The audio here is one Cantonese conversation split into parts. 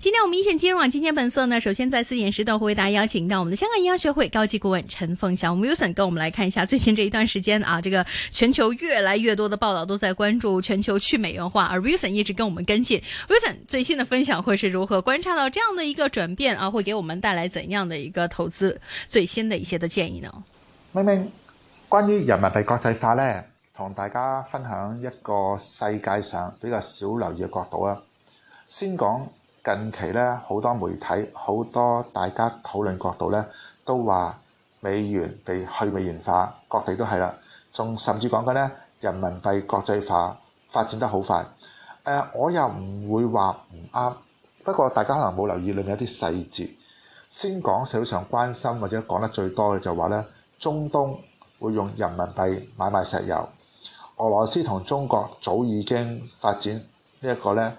今天我們一線金融網《金錢本色》呢，首先在四點時段會為大家邀請到我們的香港營養學會高級顧問陳鳳翔 Wilson，跟我們來看一下最近這一段時間啊，這個全球越來越多的報道都在關注全球去美元化，而 Wilson 一直跟我們跟進。Wilson 最新的分享會是如何觀察到這樣的一個轉變啊，會給我們帶來怎樣的一個投資最新的一些的建議呢？明明，關於人民幣國際化呢，同大家分享一個世界上比較少留意的角度啊，先講。近期咧，好多媒體、好多大家討論角度咧，都話美元被去美元化，各地都係啦，仲甚至講緊咧人民幣國際化發展得好快。誒，我又唔會話唔啱，不過大家可能冇留意裡面一啲細節。先講社會上關心或者講得最多嘅就話咧，中東會用人民幣買賣石油，俄羅斯同中國早已經發展呢一個咧。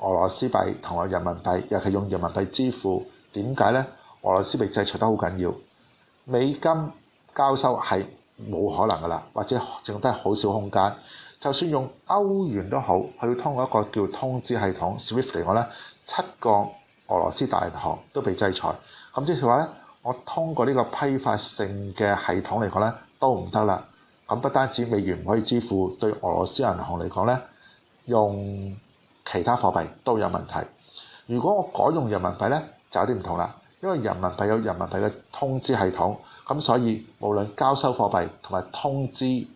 俄羅斯幣同埋人民幣，尤其用人民幣支付，點解咧？俄羅斯被制裁得好緊要，美金交收係冇可能噶啦，或者剩低好少空間。就算用歐元都好，佢要通過一個叫通知系統 Swift 嚟講咧，七個俄羅斯大銀行都被制裁。咁即係話咧，我通過呢個批發性嘅系統嚟講咧，都唔得啦。咁不單止美元唔可以支付，對俄羅斯銀行嚟講咧，用其他貨幣都有問題。如果我改用人民幣咧，就有啲唔同啦，因為人民幣有人民幣嘅通知系統，咁所以無論交收貨幣同埋通知系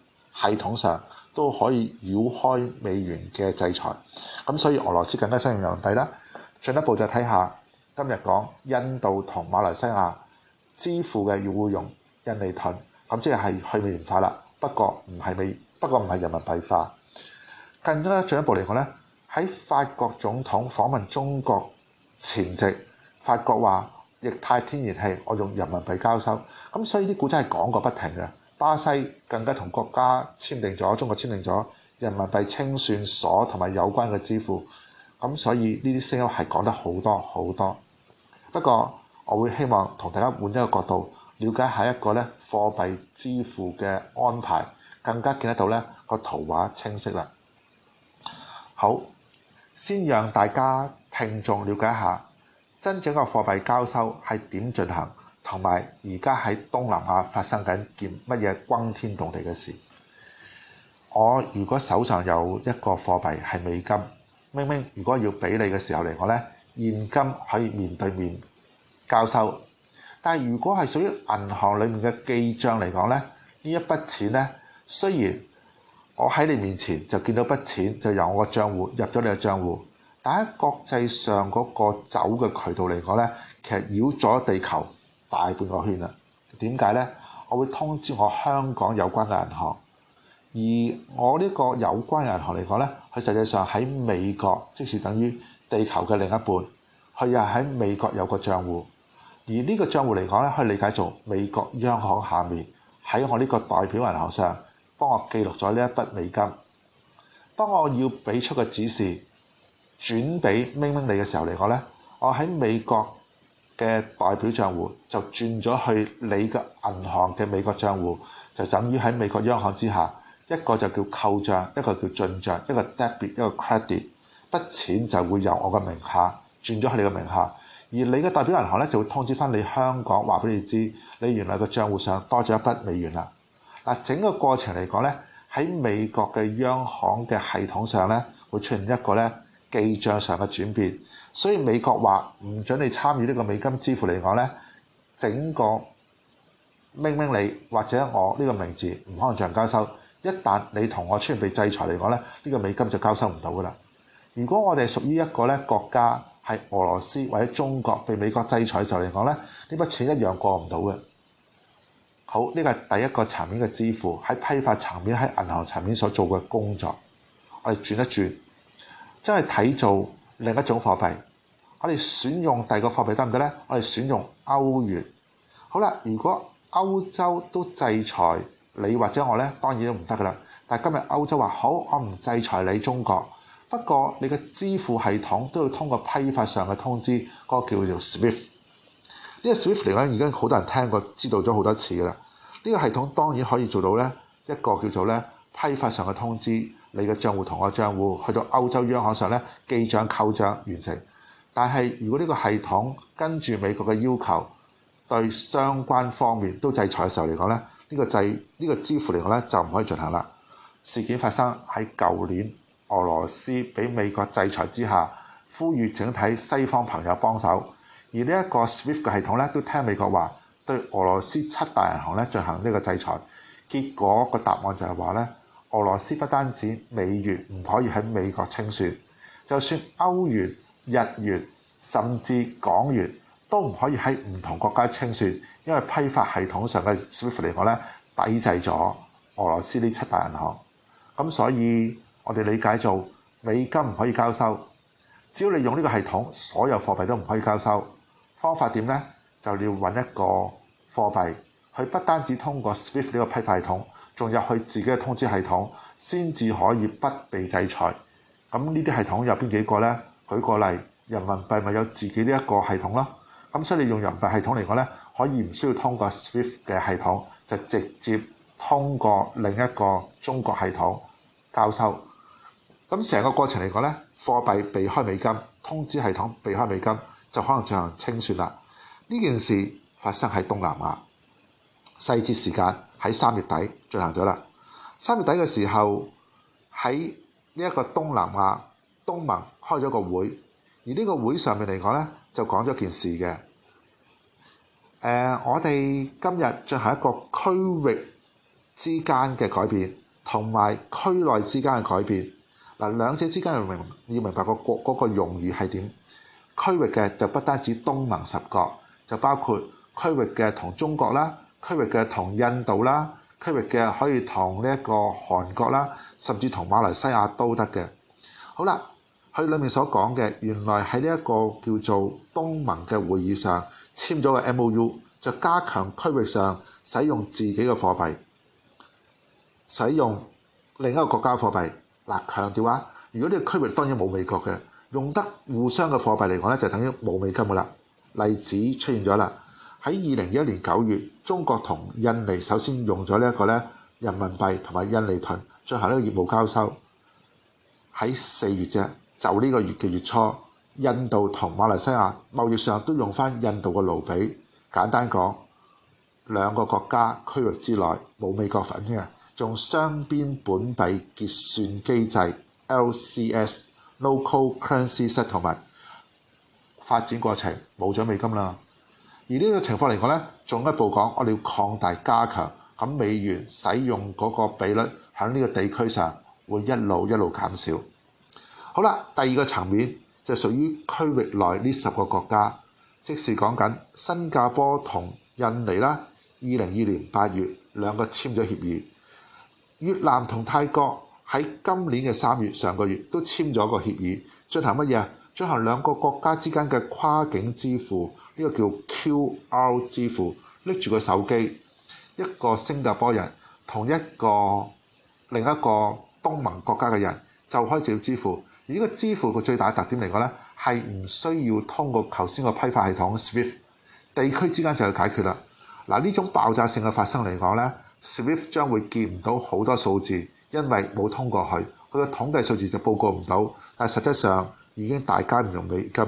統上都可以繞開美元嘅制裁。咁所以俄羅斯更加信用人民幣啦。進一步就睇下今日講印度同馬來西亞支付嘅要會用印尼盾，咁即係係去美元化啦。不過唔係美，不過唔係人民幣化。更加進一步嚟講咧。喺法國總統訪問中國前夕，法國話液態天然氣我用人民幣交收。咁所以啲古仔係講個不停嘅。巴西更加同國家簽訂咗，中國簽訂咗人民幣清算所同埋有關嘅支付。咁所以呢啲聲音係講得好多好多。不過我會希望同大家換一個角度，瞭解一下一個咧貨幣支付嘅安排，更加見得到呢個圖畫清晰啦。好。先讓大家聽眾了解一下真正嘅貨幣交收係點進行，同埋而家喺東南亞發生緊件乜嘢轟天動地嘅事。我如果手上有一個貨幣係美金，明明如果要俾你嘅時候嚟講咧，現金可以面對面交收，但係如果係屬於銀行裡面嘅記帳嚟講咧，呢一筆錢咧雖然。我喺你面前就見到筆錢，就由我個帳戶入咗你嘅帳戶。但喺國際上嗰個走嘅渠道嚟講呢，其實繞咗地球大半個圈啦。點解呢？我會通知我香港有關嘅銀行，而我呢個有關嘅銀行嚟講呢，佢實際上喺美國，即是等於地球嘅另一半，佢又喺美國有個帳戶。而呢個帳戶嚟講呢，可以理解做美國央行下面喺我呢個代表銀行上。幫我記錄咗呢一筆美金。當我要俾出個指示轉俾 Ming Ming 你嘅時候嚟講咧，我喺美國嘅代表帳戶就轉咗去你嘅銀行嘅美國帳戶，就等於喺美國央行之下，一個就叫扣帳，一個叫進帳，一個 debit，一個 credit，筆錢就會由我嘅名下轉咗去你嘅名下。而你嘅代表銀行咧就會通知翻你香港，話俾你知你原來個帳戶上多咗一筆美元啦。整個過程來講，在美國的央行系統上，會出現一個記帳上的轉變。所以美國說，不准你參與這個美金支付來講，整個命名你，或者我這個名字，不可能這樣交收，一旦你和我出現被制裁來講，這個美金就交收不到㗎喇。如果我們屬於一個國家，是俄羅斯或者中國被美國制裁嘅時候來講，這筆錢一樣過不到。好，呢個係第一個層面嘅支付，喺批發層面、喺銀行層面所做嘅工作，我哋轉一轉，即係睇做另一種貨幣。我哋選用第二個貨幣得唔得咧？我哋選用歐元。好啦，如果歐洲都制裁你或者我咧，當然都唔得噶啦。但係今日歐洲話好，我唔制裁你中國，不過你嘅支付系統都要通過批發上嘅通知，嗰、那個叫做 Swift。呢個 Swift 嚟講，已經好多人聽過、知道咗好多次噶啦。呢個系統當然可以做到咧，一個叫做咧批發上嘅通知，你嘅帳戶同我帳戶去到歐洲央行上咧記賬扣賬完成。但係如果呢個系統跟住美國嘅要求對相關方面都制裁嘅時候嚟講咧，呢個制呢個支付嚟講咧就唔可以進行啦。事件發生喺舊年，俄羅斯俾美國制裁之下，呼籲整體西方朋友幫手，而呢一個 SWIFT 嘅系統咧都聽美國話。對俄羅斯七大銀行咧進行呢個制裁，結果個答案就係話咧，俄羅斯不單止美元唔可以喺美國清算，就算歐元、日元甚至港元都唔可以喺唔同國家清算，因為批發系統上嘅 Swift 嚟講咧，抵制咗俄羅斯呢七大銀行。咁所以我哋理解做美金唔可以交收，只要你用呢個系統，所有貨幣都唔可以交收。方法點咧？就要揾一個貨幣，佢不單止通過 Swift 呢個批發系統，仲有去自己嘅通知系統，先至可以不被制裁。咁呢啲系統有邊幾個呢？舉個例，人民幣咪有自己呢一個系統啦。咁所以你用人民幣系統嚟講呢，可以唔需要通過 Swift 嘅系統，就直接通過另一個中國系統交收。咁成個過程嚟講呢，貨幣避開美金，通知系統避開美金，就可能進行清算啦。呢件事發生喺東南亞，細節時間喺三月底進行咗啦。三月底嘅時候喺呢一個東南亞東盟開咗個會，而呢個會上面嚟講咧就講咗件事嘅。誒、呃，我哋今日進行一個區域之間嘅改變，同埋區內之間嘅改變。嗱，兩者之間要，要明白個國嗰、嗰個用語係點，區域嘅就不單止東盟十國。就包括區域嘅同中國啦，區域嘅同印度啦，區域嘅可以同呢一個韓國啦，甚至同馬來西亞都得嘅。好啦，佢裡面所講嘅，原來喺呢一個叫做東盟嘅會議上簽咗個 MOU，就加強區域上使用自己嘅貨幣，使用另一個國家貨幣。嗱，強調啊，如果呢個區域當然冇美國嘅，用得互相嘅貨幣嚟講咧，就等於冇美金嘅啦。例子出現咗啦！喺二零一年九月，中國同印尼首先用咗呢一個咧，人民幣同埋印尼盾進行呢個業務交收。喺四月啫，就呢個月嘅月初，印度同馬來西亞貿易上都用翻印度個盧比。簡單講，兩個國家區域之內冇美國份嘅，仲雙邊本幣結算機制 LCS（Local Currency s e s t e m 同埋。發展過程冇咗美金啦，而呢個情況嚟講，呢進一步講，我哋要擴大加強咁美元使用嗰個比率喺呢個地區上會一路一路減少。好啦，第二個層面就屬於區域內呢十個國家，即是講緊新加坡同印尼啦，二零二年八月兩個簽咗協議，越南同泰國喺今年嘅三月上個月都簽咗個協議，進行乜嘢啊？進行兩個國家之間嘅跨境支付，呢個叫 QR 支付，拎住個手機，一個新加坡人同一個另一個東盟國家嘅人就可以支付。而呢個支付嘅最大的特點嚟講咧，係唔需要通過頭先個批發系統 Swift，地區之間就去解決啦。嗱，呢種爆炸性嘅發生嚟講咧，Swift 將會見唔到好多數字，因為冇通過佢，佢嘅統計數字就報告唔到，但實際上。已經大家唔用美金，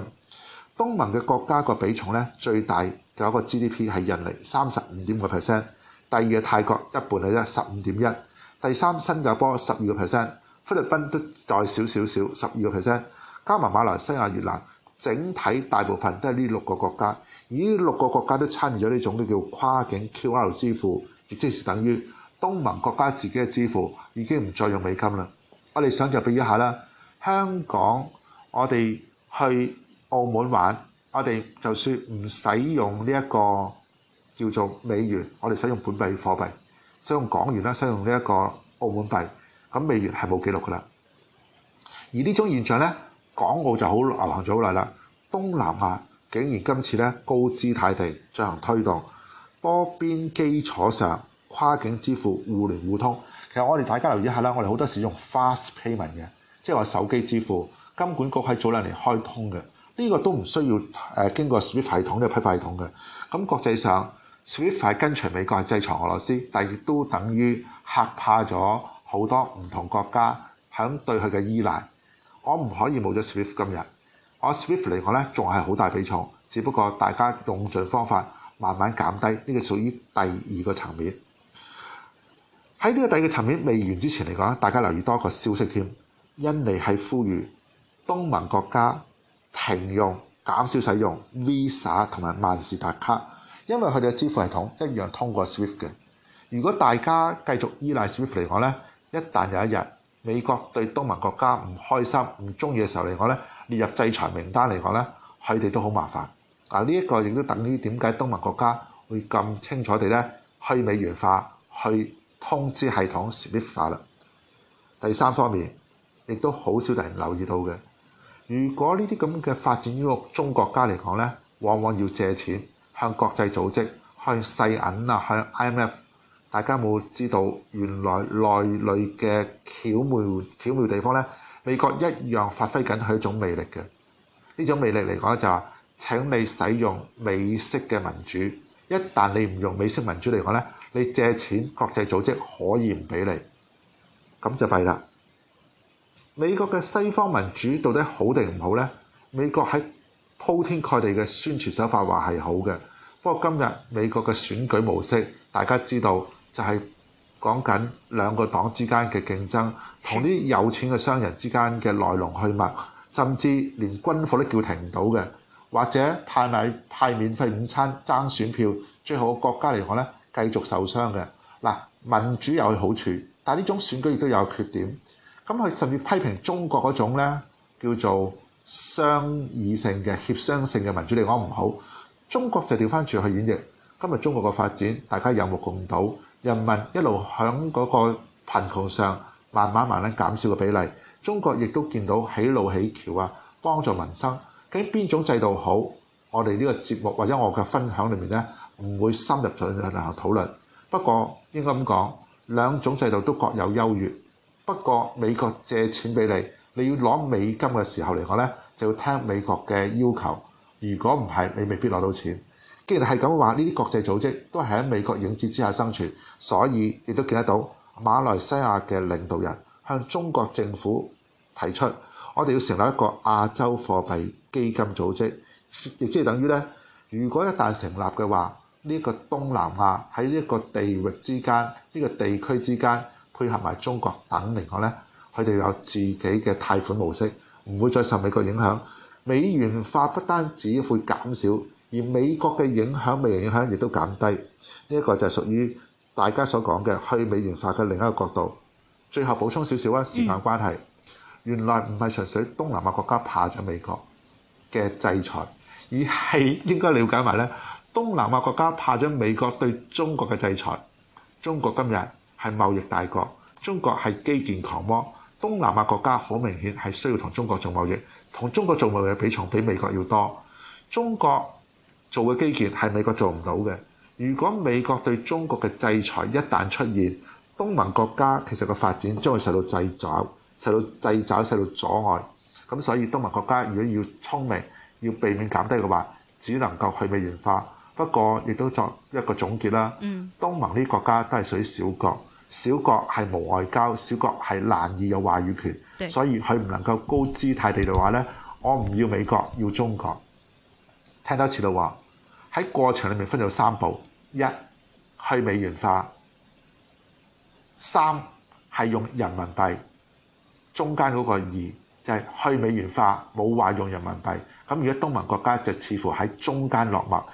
東盟嘅國家個比重咧最大嘅一個 GDP 係印尼三十五點五個 percent，第二嘅泰國一半嚟啫十五點一，第三新加坡十二個 percent，菲律賓都再少少少十二個 percent，加埋馬來西亞、越南，整體大部分都係呢六個國家。而呢六個國家都參與咗呢種咧叫跨境 QR 支付，亦即是等於東盟國家自己嘅支付已經唔再用美金啦。我哋想入邊一下啦，香港。我哋去澳門玩，我哋就説唔使用呢一個叫做美元，我哋使用本幣貨幣，使用港元啦，使用呢一個澳門幣，咁美元係冇記錄㗎啦。而呢種現象呢，港澳就好流行咗好耐啦。東南亞竟然今次呢高姿態地進行推動多邊基礎上跨境支付互聯互通。其實我哋大家留意一下啦，我哋好多使用 fast payment 嘅，即係話手機支付。金管局喺早兩年開通嘅，呢個都唔需要誒經過 Swift 系統呢個批發系統嘅。咁國際上 Swift 係跟隨美國制裁俄羅斯，但係亦都等於嚇怕咗好多唔同國家喺對佢嘅依賴。我唔可以冇咗 Swift 今日，我 Swift 嚟講咧，仲係好大比重，只不過大家用盡方法慢慢減低呢個屬於第二個層面。喺呢個第二個層面未完之前嚟講，大家留意多一個消息添。印尼係呼籲。東盟國家停用、減少使用 Visa 同埋萬事達卡，因為佢哋嘅支付系統一樣通過 Swift 嘅。如果大家繼續依賴 Swift 嚟講咧，一旦有一日美國對東盟國家唔開心、唔中意嘅時候嚟講咧，列入制裁名單嚟講咧，佢哋都好麻煩。嗱，呢一個亦都等於點解東盟國家會咁清楚地咧去美元化、去通知系統 Swift 化啦。第三方面，亦都好少人留意到嘅。如果呢啲咁嘅發展中國家嚟講咧，往往要借錢向國際組織、向世銀啊、向 IMF，大家冇知道原來內裏嘅巧妙巧妙地方咧，美國一樣發揮緊係一種魅力嘅。呢種魅力嚟講咧，就係請你使用美式嘅民主。一旦你唔用美式民主嚟講咧，你借錢國際組織可以唔俾你，咁就弊啦。美國嘅西方民主到底好定唔好呢？美國喺鋪天蓋地嘅宣傳手法話係好嘅，不過今日美國嘅選舉模式，大家知道就係講緊兩個黨之間嘅競爭，同啲有錢嘅商人之間嘅來龍去脈，甚至連軍火都叫停唔到嘅，或者派派免費午餐爭選票，最好國家嚟講咧繼續受傷嘅。嗱，民主有好處，但係呢種選舉亦都有缺點。咁佢甚至批評中國嗰種咧叫做商議性嘅協商性嘅民主，你講唔好。中國就調翻轉去演繹今日中國嘅發展，大家有目共睹，人民一路響嗰個貧窮上慢慢慢慢減少嘅比例。中國亦都見到起路起橋啊，幫助民生。究竟邊種制度好？我哋呢個節目或者我嘅分享裏面咧，唔會深入進行討論。不過應該咁講，兩種制度都各有優越。不過美國借錢俾你，你要攞美金嘅時候嚟講咧，就要聽美國嘅要求。如果唔係，你未必攞到錢。既然係咁嘅話，呢啲國際組織都係喺美國影子之下生存，所以亦都見得到馬來西亞嘅領導人向中國政府提出，我哋要成立一個亞洲貨幣基金組織，亦即係等於咧，如果一旦成立嘅話，呢個東南亞喺呢個地域之間，呢個地區之間。配合埋中國等嚟講咧，佢哋有自己嘅貸款模式，唔會再受美國影響。美元化不單止會減少，而美國嘅影響、美元影響亦都減低。呢一個就係屬於大家所講嘅去美元化嘅另一個角度。最後補充少少啊，時間關係，原來唔係純粹東南亞國家怕咗美國嘅制裁，而係應該了解埋咧，東南亞國家怕咗美國對中國嘅制裁。中國今日係貿易大國，中國係基建狂魔。東南亞國家好明顯係需要同中國做貿易，同中國做貿易嘅比重比美國要多。中國做嘅基建係美國做唔到嘅。如果美國對中國嘅制裁一旦出現，東盟國家其實個發展將會受到制肘，受到制肘，受到阻礙。咁所以東盟國家如果要聰明，要避免減低嘅話，只能夠去美元化。不過亦都作一個總結啦。嗯，東盟呢啲國家都係屬於小國。小國係無外交，小國係難以有話語權，所以佢唔能夠高姿態地嚟話咧。我唔要美國，要中國。聽多次啦喎，喺過程裡面分咗三步：一去美元化，三係用人民幣。中間嗰個二就係、是、去美元化，冇話用人民幣。咁而家東盟國家就似乎喺中間落墨，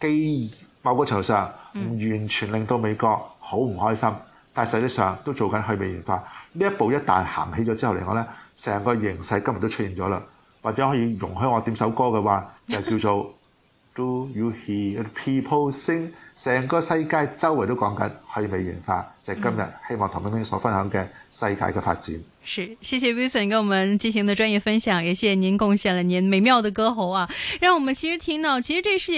既某個程度上唔完全令到美國好唔開心。嗯但實際上都做緊去美元化，呢一步一旦行起咗之後嚟講咧，成個形勢今日都出現咗啦。或者可以容許我點首歌嘅話就是、叫做 Do you hear people sing？成個世界周圍都講緊去美元化，就係、是、今日。希望唐冰冰所分享嘅世界嘅發展。是，謝謝 Vincent 跟我們進行嘅專業分享，也謝謝您貢獻了您美妙的歌喉啊，讓我們其實聽到其實呢個世